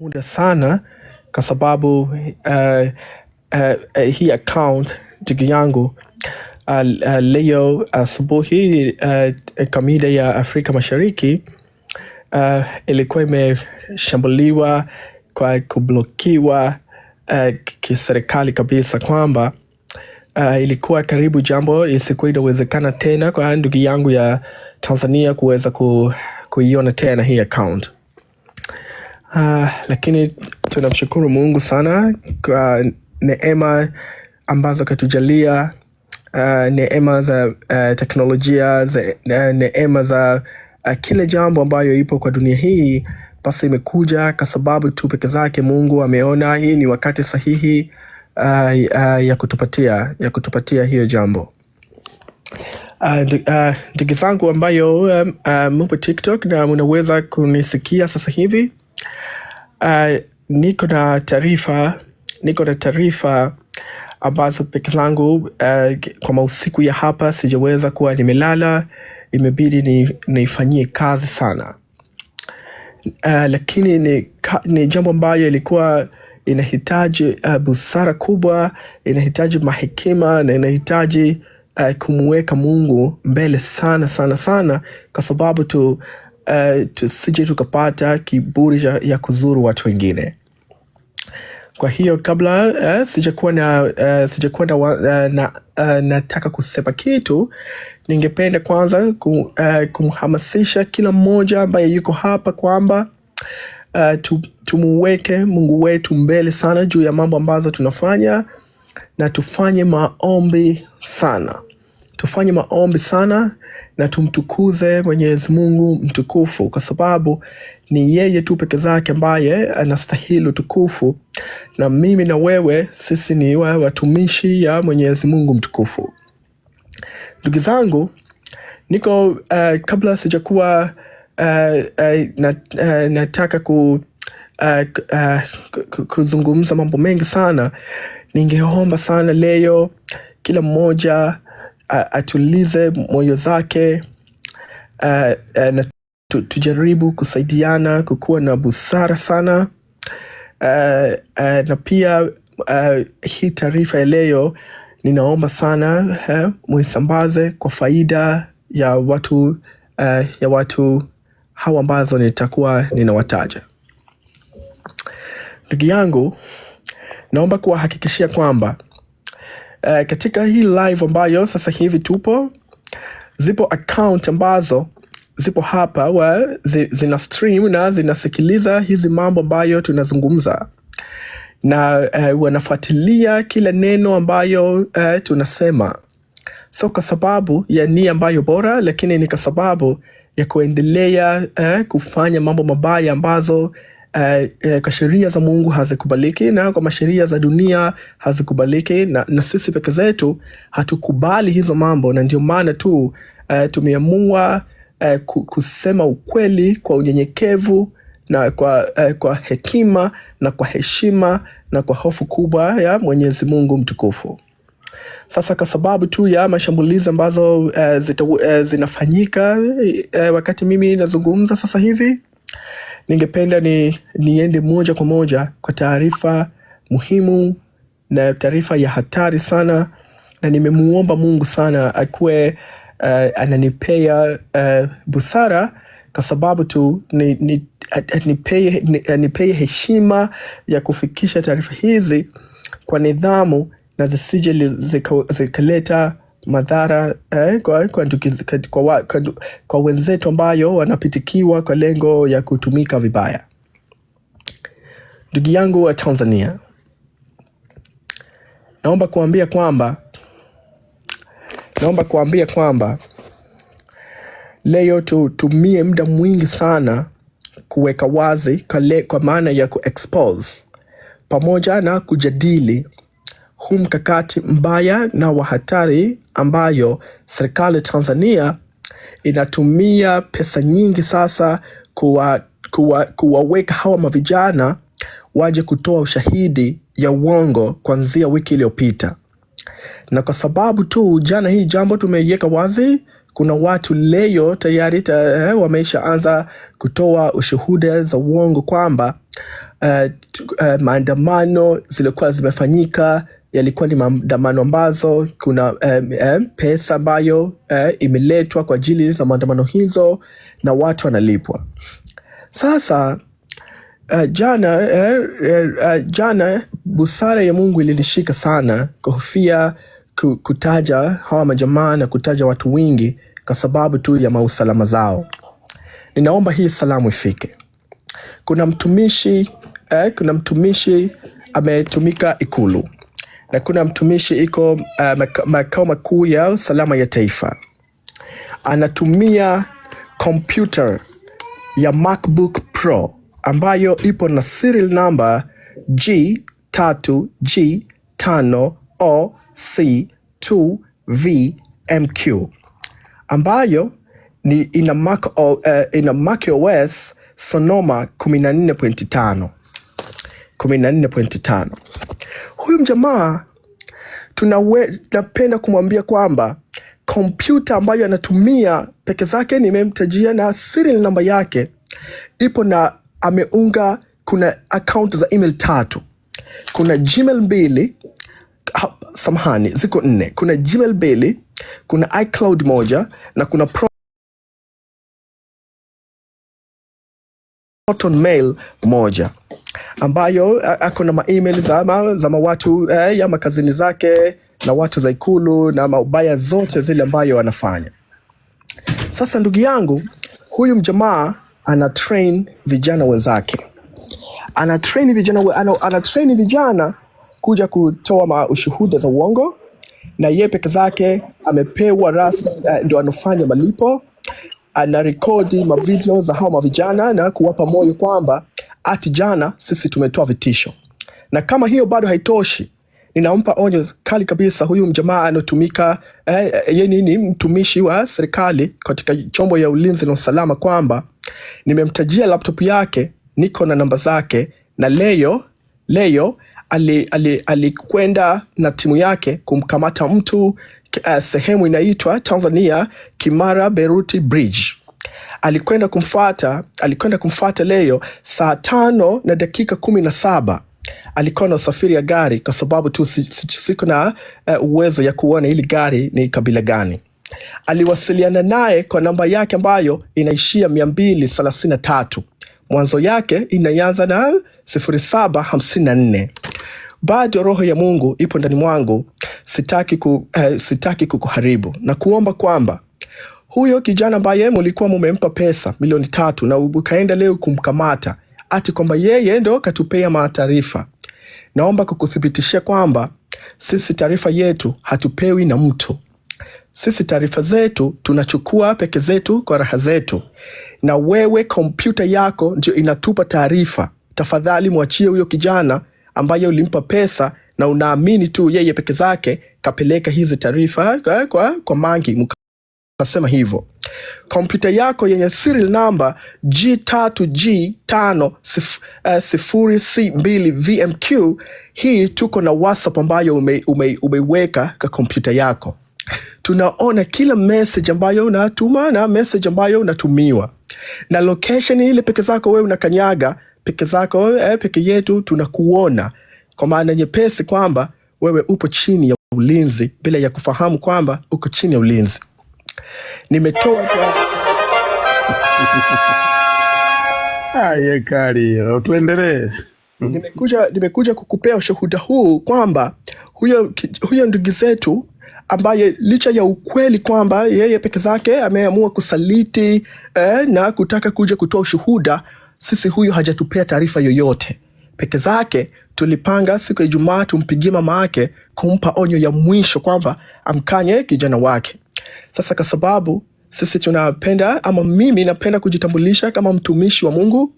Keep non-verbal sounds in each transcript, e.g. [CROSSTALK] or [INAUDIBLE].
muda sana kwa sababu uh, uh, hii account ndugu yangu uh, uh, leo asubuhi uh, uh, kamida ya Afrika Mashariki uh, ilikuwa imeshambuliwa kwa kublokiwa uh, kiserikali kabisa, kwamba uh, ilikuwa karibu jambo isikuwa inawezekana tena kwa ndugu yangu ya Tanzania kuweza kuiona tena hii account. Uh, lakini tunamshukuru Mungu sana kwa neema ambazo katujalia, uh, ah, neema za uh, teknolojia za, uh, neema za uh, kile jambo ambayo ipo kwa dunia hii, basi imekuja kwa sababu tu peke zake Mungu ameona hii ni wakati sahihi uh, uh, ya kutupatia ya kutupatia hiyo jambo ndugu uh, uh, zangu ambayo um, uh, mupo TikTok na munaweza kunisikia sasa hivi. Uh, niko na taarifa niko na taarifa ambazo peke zangu uh, kwa mausiku ya hapa sijaweza kuwa nimelala, imebidi ni, nifanyie kazi sana uh, lakini ni, ni jambo ambayo ilikuwa inahitaji uh, busara kubwa, inahitaji mahekima na inahitaji uh, kumweka Mungu mbele sana sana sana, kwa sababu tu uh, eh, tusije tukapata kiburi ya, kuzuru kudhuru watu wengine. Kwa hiyo kabla uh, sijakuwa na uh, sijakuwa na, uh, na uh, nataka kusema kitu, ningependa kwanza kumhamasisha kila mmoja ambaye yuko hapa kwamba uh, tumuweke Mungu wetu mbele sana juu ya mambo ambazo tunafanya na tufanye maombi sana, tufanye maombi sana na tumtukuze Mwenyezi Mungu mtukufu, kwa sababu ni yeye tu peke zake ambaye anastahili utukufu, na mimi na wewe sisi ni watumishi ya Mwenyezi Mungu mtukufu. Ndugu zangu, niko uh, kabla sijakuwa uh, uh, uh, nataka ku Uh, uh, kuzungumza mambo mengi sana, ningeomba sana leo kila mmoja atulize moyo zake uh, na tujaribu kusaidiana kukuwa na busara sana uh, uh, na pia uh, hii taarifa ya leo ninaomba sana uh, muisambaze kwa faida ya watu uh, ya watu hawa ambazo nitakuwa ninawataja. Ndugu yangu, naomba kuwahakikishia kwamba eh, katika hii live ambayo sasa hivi tupo, zipo account ambazo zipo hapa wa, zi, zina stream na zinasikiliza hizi mambo ambayo tunazungumza na eh, wanafuatilia kila neno ambayo eh, tunasema, so kwa sababu ya nia ambayo bora, lakini ni kwa sababu ya kuendelea eh, kufanya mambo mabaya ambazo uh, uh, kwa sheria za Mungu hazikubaliki na kwa masheria za dunia hazikubaliki, na, na sisi peke zetu hatukubali hizo mambo, na ndio maana tu uh, tumeamua eh, kusema ukweli kwa unyenyekevu na kwa, uh, kwa hekima na kwa heshima na kwa hofu kubwa ya Mwenyezi Mungu mtukufu. Sasa kwa sababu tu ya mashambulizi ambazo uh, zita, zinafanyika uh, wakati mimi nazungumza sasa hivi Ningependa ni, niende moja kwa moja kwa taarifa muhimu na taarifa ya hatari sana, na nimemuomba Mungu sana akuwe uh, ananipea uh, busara kwa sababu tu anipee ni, ni, heshima ya kufikisha taarifa hizi kwa nidhamu na zisije zikaleta madhara eh, kwa, kwa, kwa, kwa, kwa wenzetu ambayo wanapitikiwa kwa lengo ya kutumika vibaya. Ndugu yangu wa Tanzania, naomba kuambia kwamba naomba kuambia kwamba leo tutumie muda mwingi sana kuweka wazi kwa, kwa maana ya kuexpose pamoja na kujadili huu mkakati mbaya na wa hatari ambayo serikali Tanzania inatumia pesa nyingi sasa kuwa, kuwa, kuwaweka hawa mavijana waje kutoa ushahidi ya uongo kuanzia wiki iliyopita, na kwa sababu tu jana hii jambo tumeiweka wazi, kuna watu leo tayari ta, eh, wameisha kutoa ushuhuda za uongo kwamba uh, eh, maandamano zilikuwa zimefanyika yalikuwa ni maandamano ambazo kuna um, um, pesa ambayo uh, imeletwa kwa ajili za maandamano hizo na watu wanalipwa. Sasa uh, jana uh, uh, jana busara ya Mungu ilinishika sana kuhofia kutaja hawa majamaa na kutaja watu wengi kwa sababu tu ya mausalama zao. Ninaomba hii salamu ifike. Kuna mtumishi eh, kuna mtumishi ametumika Ikulu na kuna mtumishi iko uh, makao makuu ya usalama ya taifa anatumia kompyuta ya MacBook Pro ambayo ipo na serial number G3G5OC2VMQ ambayo ni ina Mac, uh, ina macOS Sonoma 14.5. 14.5. Huyu mjamaa napenda kumwambia kwamba kompyuta ambayo anatumia peke zake, nimemtajia na serial namba yake ipo na ameunga, kuna account za email tatu, kuna Gmail mbili, samahani, ziko nne, kuna Gmail mbili, kuna iCloud moja na kuna Pro Proton Mail moja ambayo ako na maemail za, za watu eh, ya makazini zake na watu za Ikulu na maubaya zote zile ambayo anafanya. Sasa ndugu yangu huyu mjamaa ana train vijana wenzake, ana train vijana, ana, ana train vijana kuja kutoa ushuhuda za uongo, na yeye peke zake amepewa rasmi uh, ndio anafanya malipo, anarekodi mavideo za hao mavijana na kuwapa moyo kwamba ati jana sisi tumetoa vitisho. Na kama hiyo bado haitoshi, ninampa onyo kali kabisa huyu mjamaa anaotumika eh, eh, yeye ni mtumishi wa serikali katika chombo ya ulinzi na usalama, kwamba nimemtajia laptop yake, niko na namba zake, na leo leo alikwenda ali, ali na timu yake kumkamata mtu uh, sehemu inaitwa Tanzania Kimara Beruti Bridge alikwenda kumfata, alikwenda kumfuata Leo saa tano na dakika kumi na saba alikuwa na usafiri ya gari kwa sababu tu siko na uh, uwezo ya kuona ili gari ni kabila gani. Aliwasiliana naye kwa namba yake ambayo inaishia mia mbili thelathini na tatu mwanzo yake inaanza na sifuri saba hamsini na nne. Bado roho ya Mungu ipo ndani mwangu, sitaki, ku, eh, sitaki kukuharibu na kuomba kwamba huyo kijana ambaye mlikuwa mumempa pesa milioni tatu na ukaenda leo kumkamata ati kwamba yeye ndo katupea mataarifa. Naomba kukuthibitishia kwamba sisi taarifa yetu hatupewi na mtu. Sisi taarifa zetu tunachukua peke zetu kwa raha zetu, na wewe kompyuta yako ndio inatupa taarifa. Tafadhali mwachie huyo kijana ambaye ulimpa pesa na unaamini tu yeye peke zake kapeleka hizi taarifa kwa, kwa Mangi. Nasema hivyo kompyuta yako yenye serial namba G3G50C2 VMQ. Hii tuko na WhatsApp ambayo umeiweka ume, ume kwa kompyuta yako. Tunaona kila message ambayo unatuma na message ambayo unatumiwa na location ile peke zako wewe unakanyaga peke zako eh, peke yetu tunakuona kwa maana nyepesi kwamba wewe upo chini ya ulinzi bila ya kufahamu kwamba uko chini ya ulinzi nimetoa [LAUGHS] aye kali, tuendelee. [LAUGHS] Nimekuja, nimekuja kukupea ushuhuda huu kwamba huyo, huyo ndugu zetu ambaye licha ya ukweli kwamba yeye peke zake ameamua kusaliti eh, na kutaka kuja kutoa ushuhuda, sisi huyo hajatupea taarifa yoyote. Peke zake tulipanga siku ya Ijumaa tumpigie mama yake kumpa onyo ya mwisho kwamba amkanye kijana wake. Sasa kwa sababu sisi tunapenda ama mimi napenda kujitambulisha kama mtumishi wa Mungu,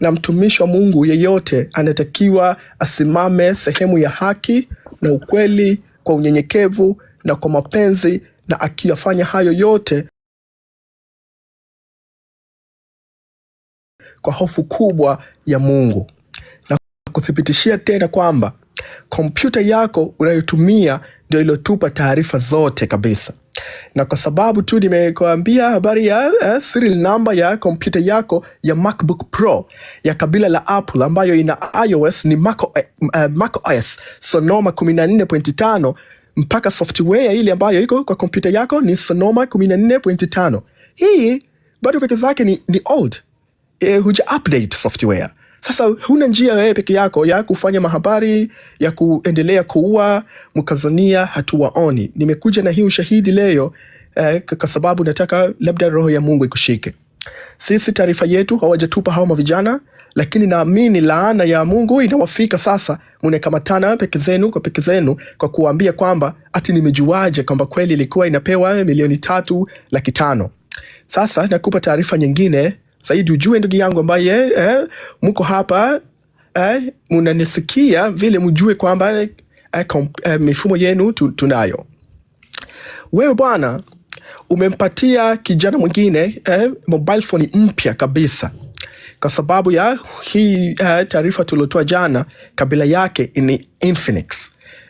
na mtumishi wa Mungu yeyote anatakiwa asimame sehemu ya haki na ukweli kwa unyenyekevu na kwa mapenzi, na akiyafanya hayo yote kwa hofu kubwa ya Mungu, na kuthibitishia tena kwamba kompyuta yako unayotumia ndio iliyotupa taarifa zote kabisa na kwa sababu tu nimekuambia habari ya eh, serial namba ya kompyuta yako ya MacBook Pro ya kabila la Apple ambayo ina iOS ni Mac, eh, eh, Mac OS Sonoma 14.5 mpaka software ile ambayo iko kwa kompyuta yako ni Sonoma 14.5. Hii bado peke zake ni, ni old eh, huja update software sasa huna njia wewe peke yako ya kufanya mahabari ya kuendelea kuua Mkazania hatuwaoni. Nimekuja na hii ushahidi leo eh, kwa sababu nataka labda roho ya Mungu ikushike. Sisi taarifa yetu hawajatupa hawa mavijana, lakini naamini laana ya Mungu inawafika sasa. Munakamatana peke zenu kwa peke zenu kwa kuambia kwamba ati nimejuaje kwamba kweli ilikuwa inapewa milioni tatu laki tano. Sasa nakupa taarifa nyingine Saidi, ujue ndugu yangu ambaye eh, eh mko hapa eh, munanisikia vile, mjue kwamba eh, eh, mifumo yenu tunayo. Wewe bwana umempatia kijana mwingine eh, mobile phone mpya kabisa kwa sababu ya hii eh, taarifa tuliotoa jana, kabila yake ni Infinix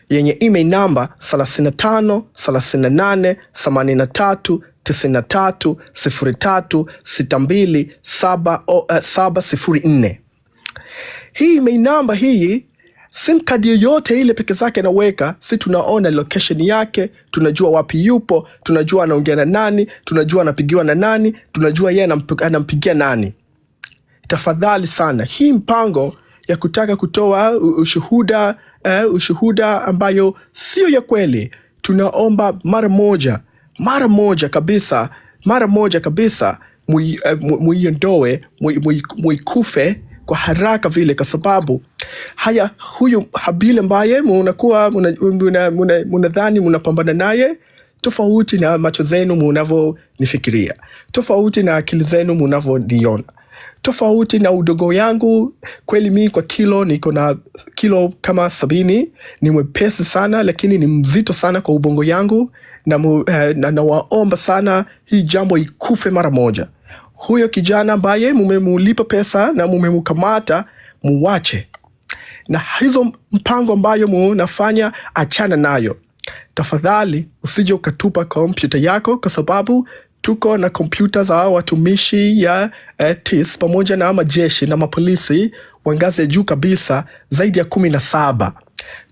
yenye email namba 35 38 83 93636704. Hii main namba hii sim card yoyote ile peke zake anaweka, si tunaona location yake, tunajua wapi yupo, tunajua anaongea na nani, tunajua anapigiwa na nani, tunajua yeye anampigia nani. Tafadhali sana, hii mpango ya kutaka kutoa ushuhuda, uh, ushuhuda ambayo sio ya kweli, tunaomba mara moja mara moja kabisa, mara moja kabisa eh, muiondoe, muikufe kwa haraka vile, kwa sababu haya, huyu Habili ambaye munakuwa munadhani munapambana naye, tofauti na macho zenu munavonifikiria, tofauti na akili zenu munavoniona tofauti na udogo yangu. Kweli mi kwa kilo niko na kilo kama sabini, ni mwepesi sana lakini ni mzito sana kwa ubongo yangu, na eh, nawaomba na, na sana hii jambo ikufe mara moja. Huyo kijana ambaye mumemulipa pesa na mumemukamata muwache, na hizo mpango ambayo munafanya achana nayo. Tafadhali usije ukatupa kompyuta yako, kwa sababu tuko na kompyuta za watumishi ya eh, TIS pamoja na majeshi na mapolisi wa ngazi ya juu kabisa zaidi ya kumi na saba.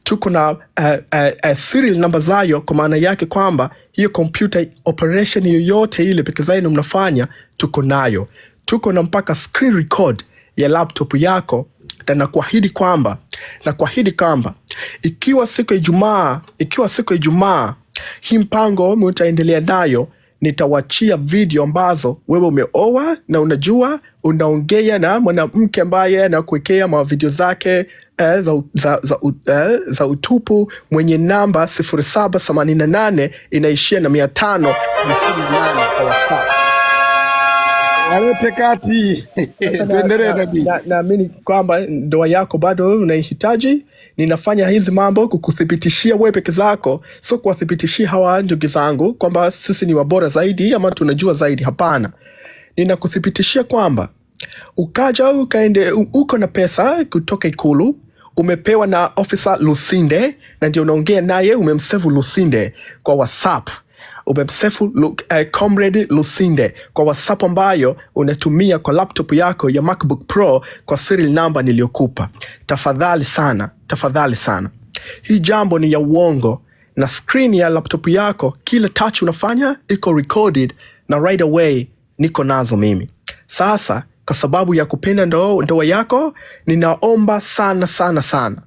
Tuko na eh, eh, eh serial namba zayo, kwa maana yake kwamba hiyo kompyuta operation yoyote ile peke mnafanya tuko nayo. Tuko na mpaka screen record ya laptop yako na nakuahidi kwamba nakuahidi kwamba ikiwa siku ya Ijumaa ikiwa siku ya Ijumaa hii mpango mtaendelea nayo nitawachia video ambazo wewe umeoa na unajua unaongea na mwanamke ambaye anakuwekea mavideo zake eh, za, za, za, eh, za utupu mwenye namba 0788 inaishia na mia tano kwa saa walete kati. Tuendelee nabii. Naamini na, na kwamba ndoa yako bado unaihitaji. Ninafanya hizi mambo kukuthibitishia wewe peke zako, sio kuwathibitishia hawa ndugu zangu kwamba sisi ni wabora zaidi ama tunajua zaidi. Hapana, ninakuthibitishia kwamba ukaja ukaende, uko na pesa kutoka Ikulu umepewa na ofisa Lusinde, na ndio unaongea naye, umemsevu Lusinde kwa WhatsApp umemsefu eh, Comrade Lusinde kwa WhatsApp ambayo unatumia kwa laptop yako ya MacBook Pro kwa serial namba niliyokupa. Tafadhali sana, tafadhali sana, hii jambo ni ya uongo na skrini ya laptop yako kila tach unafanya iko recorded na right away niko nazo mimi. Sasa kwa sababu ya kupenda ndoa yako, ninaomba sana sana sana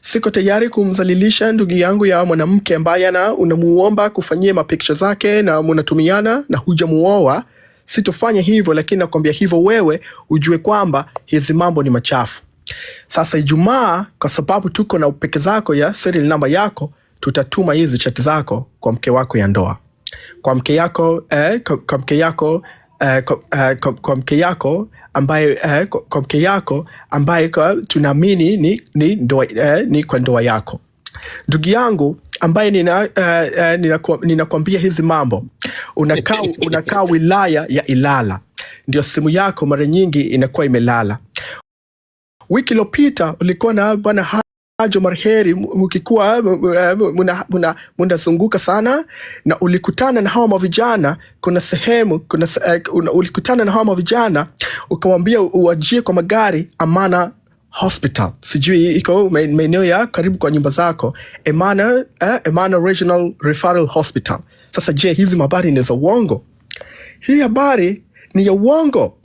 Siko tayari kumzalilisha ndugu yangu ya mwanamke ambaye ana unamuomba kufanyia mapicha zake na munatumiana na hujamuoa. Sitofanya hivyo, lakini nakwambia hivyo wewe ujue kwamba hizi mambo ni machafu. Sasa Ijumaa, kwa sababu tuko na upeke zako ya serial namba yako, tutatuma hizi chati zako kwa mke wako ya ndoa, kwa mke yako eh, kwa mke yako Eh, eh, eh, kwa, kwa mke yako ambaye kwa, mke yako ambaye tunaamini ni, ni, ndoa, ni kwa ndoa yako. Ndugu yangu ambaye ninakwambia nina, hizi mambo unakaa [LAUGHS] unakaa wilaya ya Ilala, ndio simu yako mara nyingi inakuwa imelala. Wiki iliyopita ulikuwa na bwana jo marheri, mkikuwa eh, mnazunguka eh, sana na ulikutana na hawa mavijana, kuna sehemu kuna, uh, ulikutana na hawa mavijana ukawambia uwajie kwa magari Amana Hospital, sijui iko maeneo ya karibu kwa nyumba zako Amana, eh, Amana Regional Referral Hospital. Sasa je, hizi habari ni za uongo? Hii habari ni ya uongo.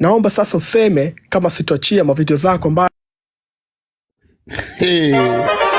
Naomba sasa useme kama sitoachia mavideo zako mbaya 嘿。